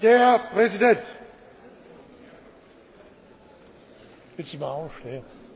herr präsident! ich will sie mal aufstellen.